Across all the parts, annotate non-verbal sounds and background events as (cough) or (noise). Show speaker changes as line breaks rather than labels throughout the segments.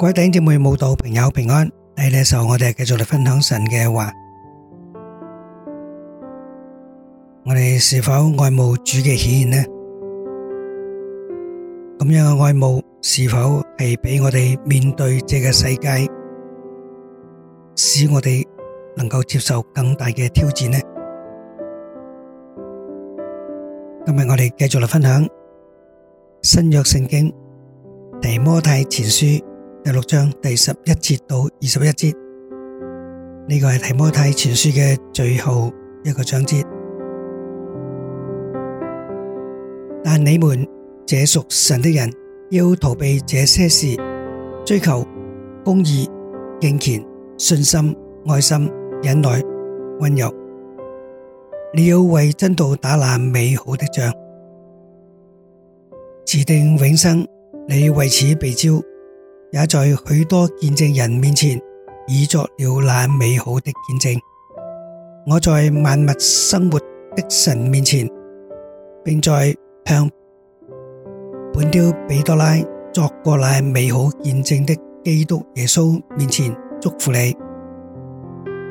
各位弟兄姊妹、慕道朋友平安，喺呢個時候我哋繼續嚟分享神嘅話，我哋是否愛慕主嘅顯現呢？咁樣嘅愛慕是否係俾我哋面對呢個世界，使我哋能夠接受更大嘅挑戰呢？今日我哋繼續嚟分享新約聖經提摩太前書。第六章第十一節到二十一節，呢個係提摩太前書嘅最後一個章節。但你們這屬神的人，要逃避這些事，追求公義、敬虔、信心、愛心、忍耐、溫柔。你要為真道打那美好的仗，持定永生。你為此被召。也在許多見證人面前，以作了那美好的見證。我在萬物生活的神面前，並在向本丟彼多拉作過那美好見證的基督耶穌面前祝福你。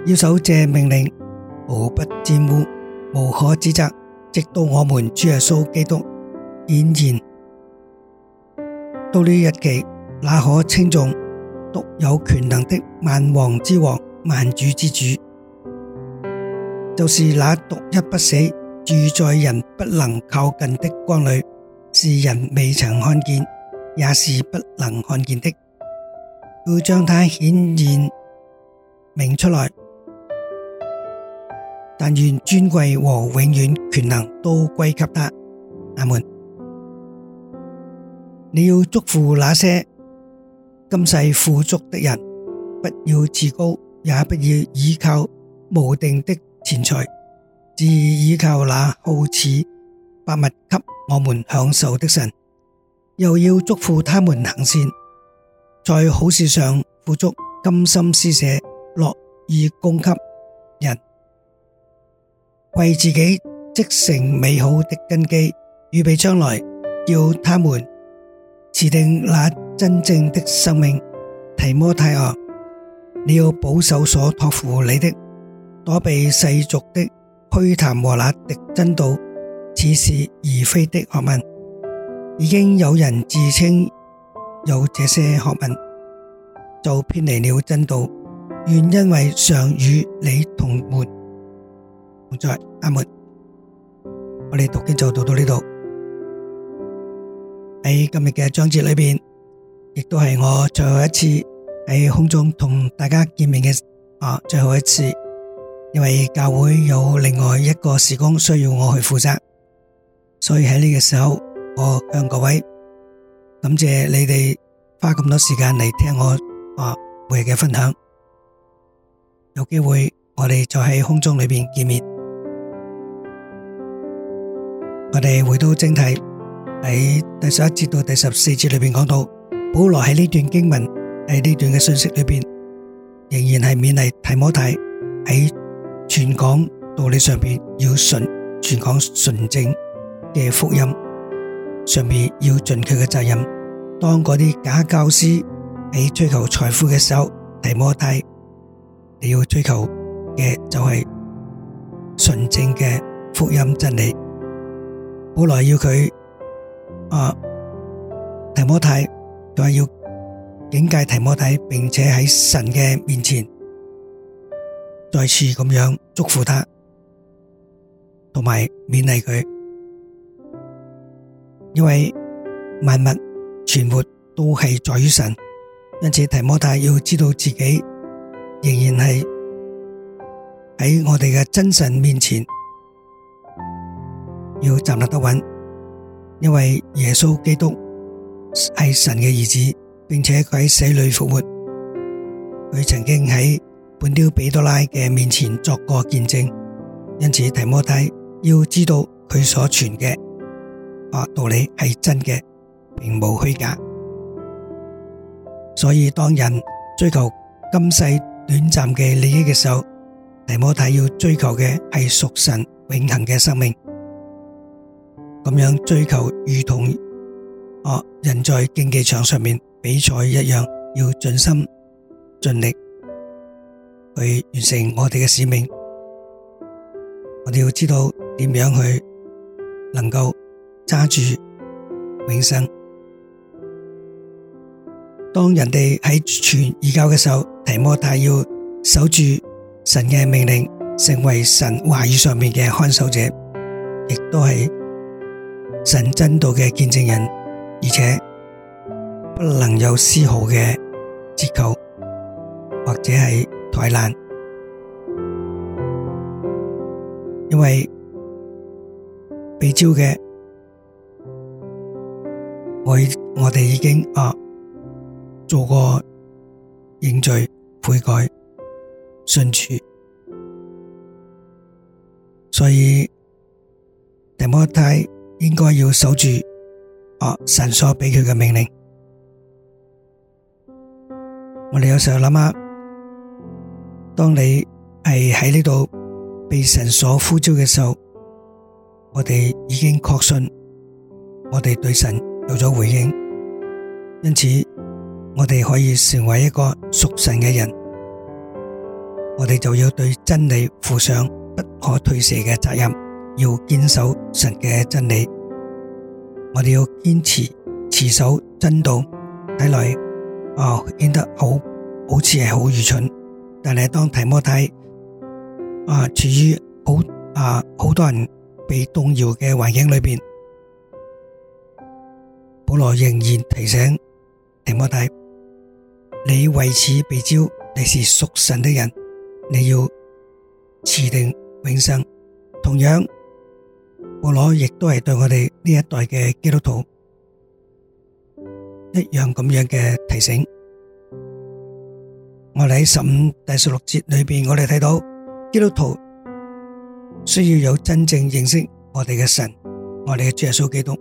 要守這命令，無不玷污，無可指責，直到我們主耶穌基督，顯現。到了日期，那可稱重、獨有權能的萬王之王、萬主之主，就是那獨一不死、住在人不能靠近的光裏，是人未曾看見，也是不能看見的。要將他顯現明出來，但願尊貴和永遠權能都歸給他。阿門。你要祝福那些。今世富足的人，不要自高，也不要依靠無定的錢財，只依靠那好賜百物給我們享受的神。又要囑咐他們行善，在好事上富足，甘心施捨，樂意供給人，為自己積成美好的根基，預備將來叫他們。持定那真正的生命。提摩太啊，你要保守所託付你的，躲避世俗的虛談和那敵真道似是而非的學問。已經有人自稱有這些學問，就偏離了真道。願因為常與你同門同在阿門。我哋讀經就讀到呢度。喺今日嘅章節裏邊，亦都係我最後一次喺空中同大家見面嘅啊，最後一次，因為教會有另外一個事工需要我去負責，所以喺呢個時候，我向各位感謝你哋花咁多時間嚟聽我啊每日嘅分享，有機會我哋再喺空中裏邊見面，我哋回到正題。喺第十一節到第十四節裏邊講到，保羅喺呢段經文喺呢段嘅信息裏邊，仍然係勉勵提摩太喺傳講道理上邊要純傳講純正嘅福音，上邊要盡佢嘅責任。當嗰啲假教師喺追求財富嘅時候，提摩太你要追求嘅就係純正嘅福音真理。保羅要佢。啊！提摩太就係要警戒提摩太，並且喺神嘅面前再次咁樣祝福他，同埋勉勵佢，因為萬物存活都係在於神，因此提摩太要知道自己仍然係喺我哋嘅真神面前，要站立得穩。因為耶穌基督係神嘅兒子，並且佢喺死裏復活，佢曾經喺本丟彼拉多嘅面前作過見證，因此提摩太要知道佢所傳嘅啊道理係真嘅，並無虛假。所以當人追求今世短暫嘅利益嘅時候，提摩太要追求嘅係屬神永恆嘅生命。咁樣追求，如同啊人在競技場上面比賽一樣，要盡心盡力去完成我哋嘅使命。我哋要知道點樣去能夠揸住永生。當人哋喺傳異教嘅時候，提摩太要守住神嘅命令，成為神話語上面嘅看守者，亦都係，神真道嘅見證人，而且不能有絲毫嘅折扣或者係怠懶，因為被召嘅我我哋已經啊做過認罪悔改信主，所以定摩太。應該要守住啊神所俾佢嘅命令。我哋有時候諗啊，當你係喺呢度被神所呼召嘅時候，我哋已經確信，我哋對神有咗回應，因此我哋可以成為一個屬神嘅人。我哋就要對真理負上不可推卸嘅責任。要堅守神嘅真理，我哋要堅持持守真道。睇來哦，顯得好好似係好愚蠢，但係當提摩太啊處於好啊好多人被動搖嘅環境裏邊，保羅仍然提醒提摩太：你為此被召，你是屬神的人，你要持定永生。同樣。保羅亦都係對我哋呢一代嘅基督徒一樣咁樣嘅提醒。我哋喺十五第十六節裏邊，我哋睇到基督徒需要有真正認識我哋嘅神，我哋嘅耶穌基督，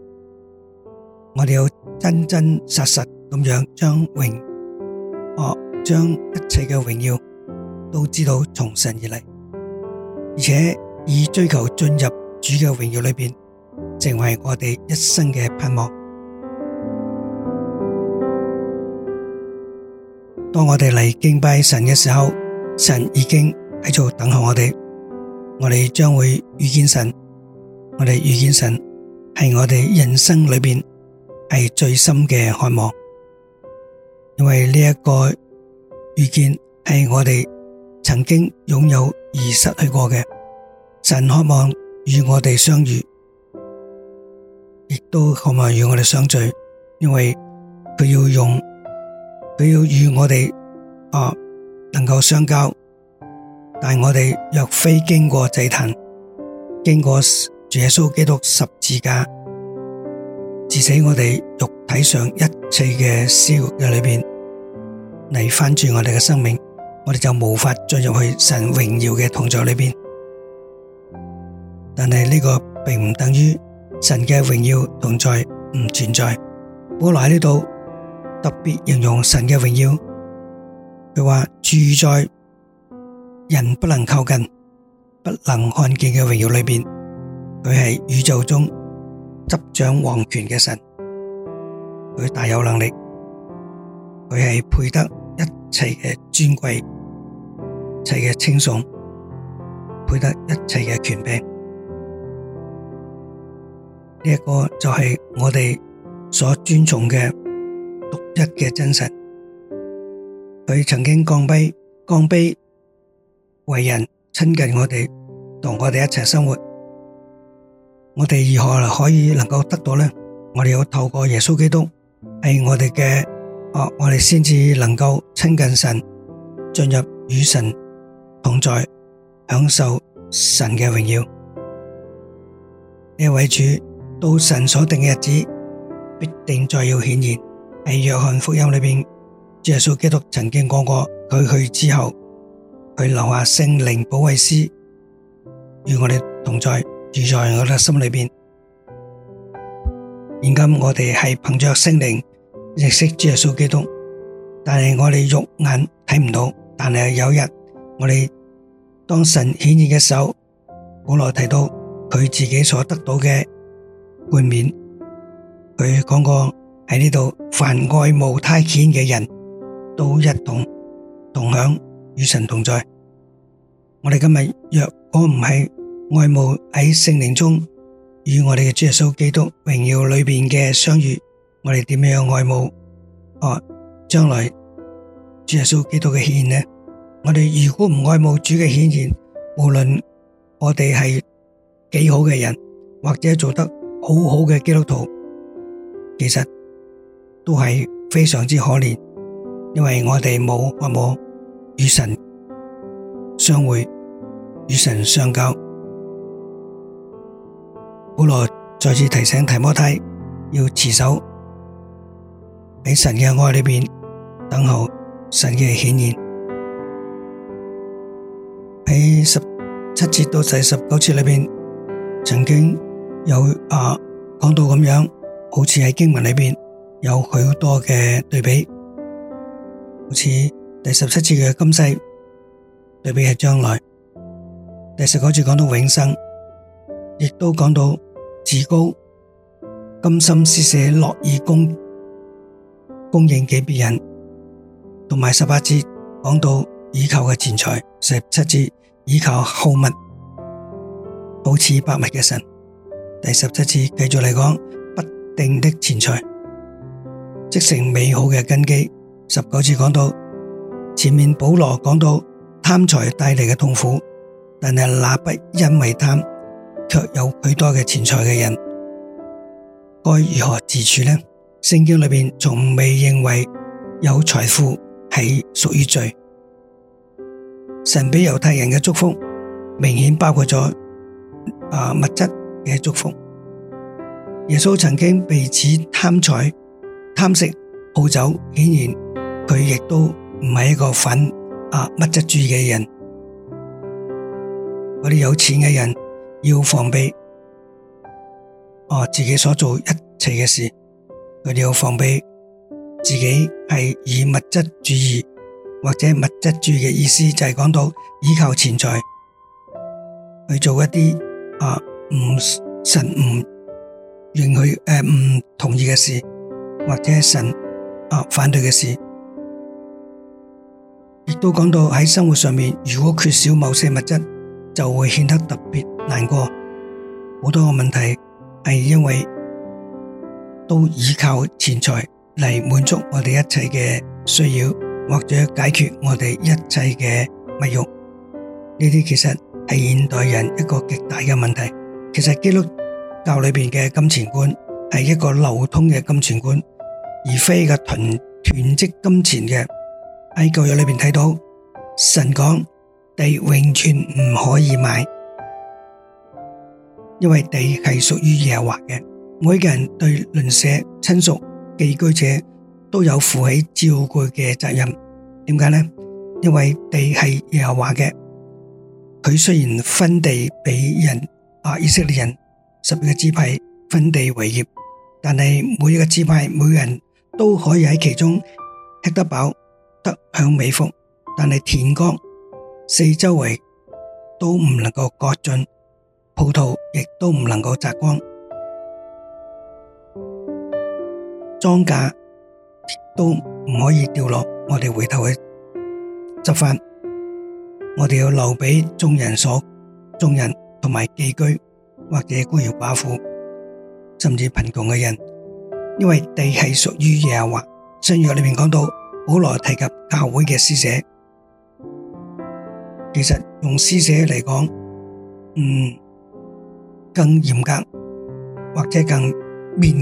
我哋要真真實實咁樣將榮耀將一切嘅榮耀都知道從神而嚟，而且以追求進入。主嘅榮耀裏邊，成為我哋一生嘅盼望。當我哋嚟敬拜神嘅時候，神已經喺度等候我哋。我哋將會遇見神。我哋遇見神，係我哋人生裏邊係最深嘅渴望。因為呢一個遇見係我哋曾經擁有而失去過嘅。神渴望。與我哋相遇，亦都渴望與我哋相聚。因為佢要用，佢要與我哋啊能夠相交。但我哋若非經過祭壇，經過耶穌基督十字架，致使我哋肉體上一切嘅燒嘅裏邊，嚟翻轉我哋嘅生命，我哋就無法進入去神榮耀嘅同在裏邊。但係呢個並唔等於神嘅榮耀同在唔存在。保羅喺呢度特別形容神嘅榮耀，佢話住在人不能靠近、不能看見嘅榮耀裏面，佢係宇宙中執掌王權嘅神，佢大有能力，佢係配得一切嘅尊貴、一切嘅稱頌，配得一切嘅權柄。呢、這、一個就係我哋所尊重嘅獨一嘅真神，佢曾經降卑、降卑為人親近我哋，同我哋一齊生活。我哋如何可以能夠得到呢？我哋要透過耶穌基督，係我哋嘅、啊，我哋先至能夠親近神，進入與神同在，享受神嘅榮耀。呢位主。到神所定嘅日子，必定再要顯現。喺約翰福音裏邊，主耶穌基督曾經講過，佢去之後，佢留下聖靈保惠師與我哋同在，住在我哋心裏邊。現今我哋係憑着聖靈認識主耶穌基督，但係我哋肉眼睇唔到。但係有一日，我哋當神顯現嘅時候，保羅提到佢自己所得到嘅冠冕。佢講過喺呢度，凡愛慕祂顯現嘅人都一同同享與神同在。我哋今日若果唔係愛慕喺聖靈中與我哋嘅主耶穌基督榮耀裏邊嘅相遇，我哋點樣愛慕啊，將來主耶穌基督嘅顯現呢？我哋如果唔愛慕主嘅顯現，無論我哋係幾好嘅人，或者做得，好好嘅基督徒，其實都係非常之可憐，因為我哋冇阿摩與神相會，與神相交。保羅再次提醒提摩太，要持守喺神嘅愛裏邊等候神嘅顯現。喺十七節到第十九節裏邊，曾經。有啊，講到咁樣，好似喺經文裏邊有好多嘅對比，好似第十七節嘅今世對比係將來，第十九節講到永生，亦都講到至高、甘心施捨、樂意供供應給別人，同埋十八節講到倚靠嘅錢財，十七節倚靠好物，好似百物嘅神。第十七次繼續嚟講不定的錢財，即成美好嘅根基。十九次講到前面，保羅講到貪財帶嚟嘅痛苦，但係那不因為貪卻有許多嘅錢財嘅人，該如何自處呢？聖經裏面從未認為有財富係屬於罪。神俾猶太人嘅祝福，明顯包括咗啊物質。嘅祝福，耶穌曾經被指貪財、貪食、好酒，顯然佢亦都唔係一個反啊物質主義嘅人。嗰啲有錢嘅人要防備哦、啊，自己所做一切嘅事，佢哋要防備自己係以物質主義或者物質主義嘅意思，就係、是、講到依靠錢財去做一啲啊。唔神唔允許誒，唔同意嘅事，或者神啊反對嘅事，亦都講到喺生活上面，如果缺少某些物質，就會顯得特別難過。好多嘅問題係因為都依靠錢財嚟滿足我哋一切嘅需要，或者解決我哋一切嘅物慾。呢啲其實係現代人一個極大嘅問題。其實基督教裏面嘅金錢觀係一個流通嘅金錢觀，而非個囤囤積金錢嘅。喺舊約裏面睇到，神講地永遠，唔可以買，因為地係屬於耶和華嘅。每個人對鄰舍、親屬、寄居者都有負起照顧嘅責任。點解呢？因為地係耶和華嘅，佢雖然分地俾人。以色列人十二個支派分地為業，但係每一個支派每個人都可以喺其中吃得飽，得享美福。但係田光四周圍都唔能夠割盡葡萄，亦都唔能夠摘光莊稼，莊架都唔可以掉落。我哋回頭去執翻，我哋要留畀眾人所眾人，同埋寄居或者孤兒寡婦，甚至貧窮嘅人，因為地係屬於耶和華。正如我裏面講到，保羅提及教會嘅施捨，其實用施捨嚟講，嗯，更嚴格或者更面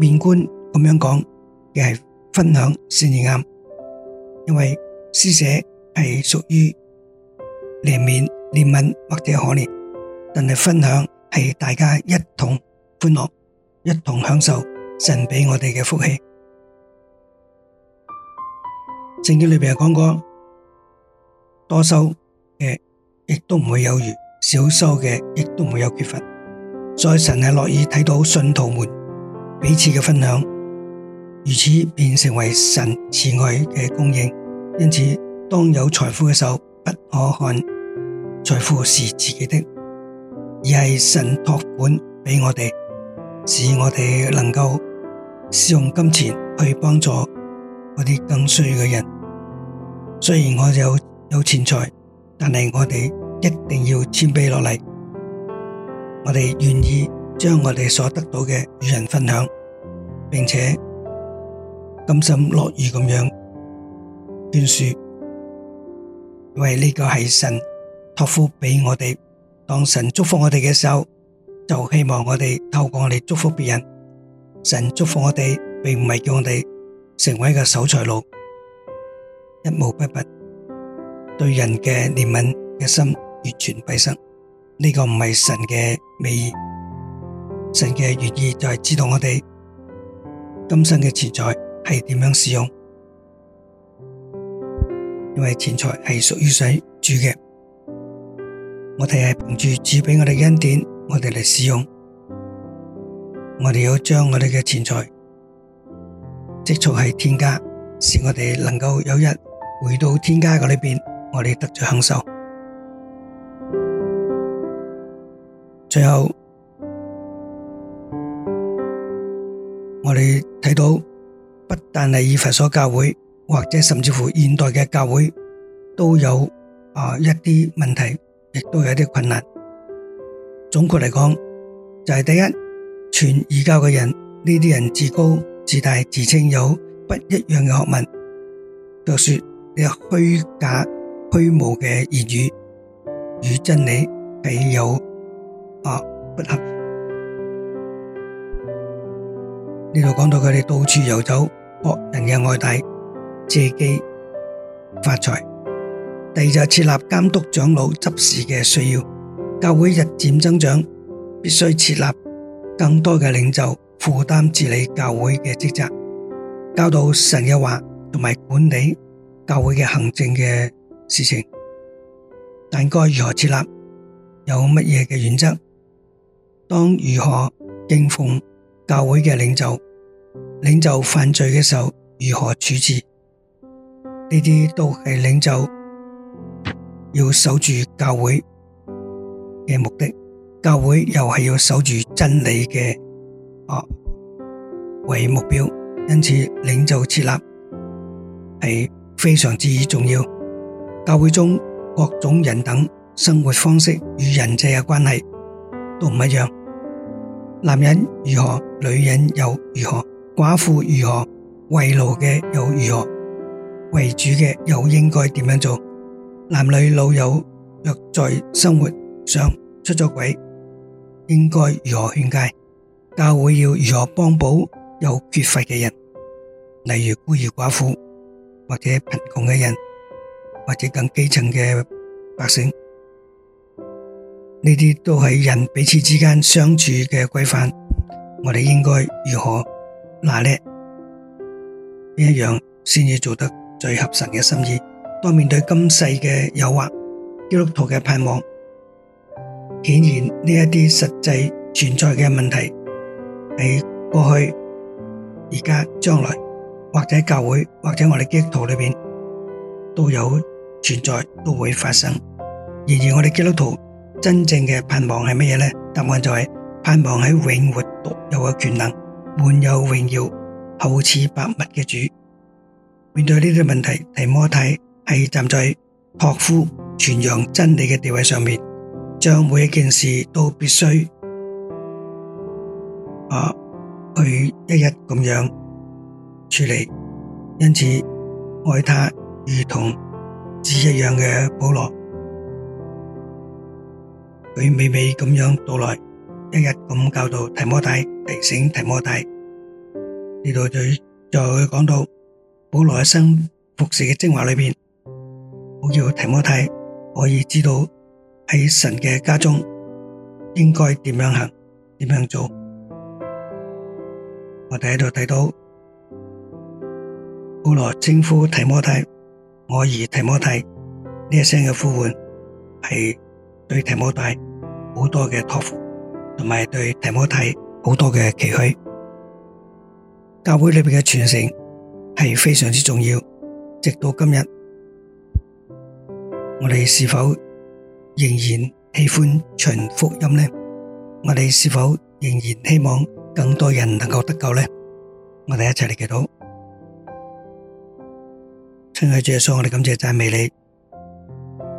面觀咁樣講，嘅係分享善言，因為施捨係屬於憐憫。憐憫或者可憐，但係分享係大家一同歡樂，一同享受神俾我哋嘅福氣。聖經裏邊有講過，多收嘅亦都唔會有餘，少收嘅亦都唔會有缺乏。所以神係樂意睇到信徒們彼此嘅分享，如此便成為神慈愛嘅供應。因此，當有財富嘅時候，不可看。財富是自己的，而係神託管俾我哋，使我哋能夠使用金錢去幫助嗰啲更需要嘅人。雖然我哋有有錢財，但係我哋一定要謙卑落嚟，我哋願意將我哋所得到嘅與人分享，並且甘心樂意咁樣捐輸，因為呢個係神託付俾我哋，當神祝福我哋嘅時候，就希望我哋透過我哋祝福別人。神祝福我哋，並唔係叫我哋成為一個守財奴，一毛不拔，對人嘅憐憫嘅心完全閉塞。呢、這個唔係神嘅美意，神嘅願意就係知道我哋今生嘅錢財係點樣使用，因為錢財係屬於神主嘅。我哋係憑住主畀我哋恩典，我哋嚟使用。我哋要將我哋嘅錢財積蓄喺天家，使我哋能夠有一日回到天家嗰裏邊，我哋得着享受。最後，我哋睇到不但係以佛所教會，或者甚至乎現代嘅教會都有啊一啲問題。亦都有啲困難，總括嚟講就係、是、第一傳異教嘅人，呢啲人自高自大，自稱有不一樣嘅學問，就係說有虛假虛無嘅言語與真理比有啊不合。呢度講到佢哋到處遊走人的，博人嘅愛戴借機發財。第二就係設立監督長老執事嘅需要，教會日漸增長，必須設立更多嘅領袖負擔治理教會嘅職責，教導神嘅話同埋管理教會嘅行政嘅事情。但該如何設立，有乜嘢嘅原則？當如何敬奉教會嘅領袖？領袖犯罪嘅時候，如何處置？呢啲都係領袖。要守住教會嘅目的，教會又係要守住真理嘅啊為目標，因此領袖設立係非常之重要。教會中各種人等生活方式與人際嘅關係都唔一樣，男人如何，女人又如何，寡婦如何，為奴嘅又如何，為主嘅又應該點樣做？男女，老友，若在生活上出咗軌，應該如何勸誡，教會要如何幫補，有缺乏嘅人，例如孤兒寡婦或者貧窮嘅人，或者更基層嘅百姓。呢啲都係人彼此之間相處嘅規範，我哋應該如何拿捏呢？邊一樣先至做得最合神嘅心意？當面對今世的誘惑，基督徒的盼望，顯然這些實際存在的問題，在過去、現在、將來，或者教會，或者我們基督徒裏面，都有存在，都會發生。然而我們基督徒真正的盼望是什麼呢？答案就是盼望在永活獨有的權能，滿有榮耀、厚賜百物的主。面對這些問題，提摩太，係站在，托付，傳揚真理嘅地位上面，將每一件事都必須，啊，去一日咁樣處理。因此，愛他如同子一樣嘅保羅。佢娓娓咁樣到來，一日咁樣教導提摩太，提醒提摩太。呢度就再講到保羅一生服侍嘅精華裏面， (coughs) c 1952 好叫提摩太，可以知道喺神嘅家中應該點樣行，點樣做。我哋喺度睇到保羅稱呼提摩太，我兒提摩太呢一聲嘅呼喚，係對提摩太好多嘅託付，同埋對提摩太好多嘅期許。教會裏邊嘅傳承係非常之重要，直到今日。我哋是否仍然喜歡傳福音呢？我哋是否仍然希望更多人能夠得救呢？我哋一齊嚟祈禱。親愛的主耶穌，我哋感謝讚美你，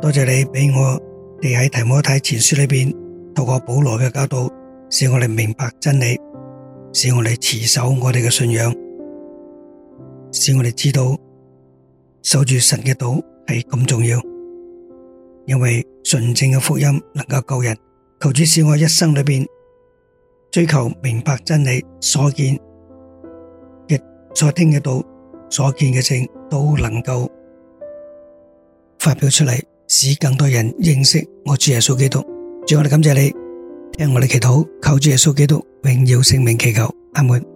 多謝你俾我哋喺提摩太前書裏邊透過保羅嘅教導，使我哋明白真理，使我哋持守我哋嘅信仰，使我哋知道守住神嘅道係咁重要。因為純正嘅福音能夠救人，求主使我一生裏邊追求明白真理所見嘅，所見亦所聽嘅道，所見嘅證都能夠發表出嚟，使更多人認識我主耶穌基督。主，我哋感謝你，聽我哋祈禱，求主耶穌基督榮耀聖名，祈求阿們。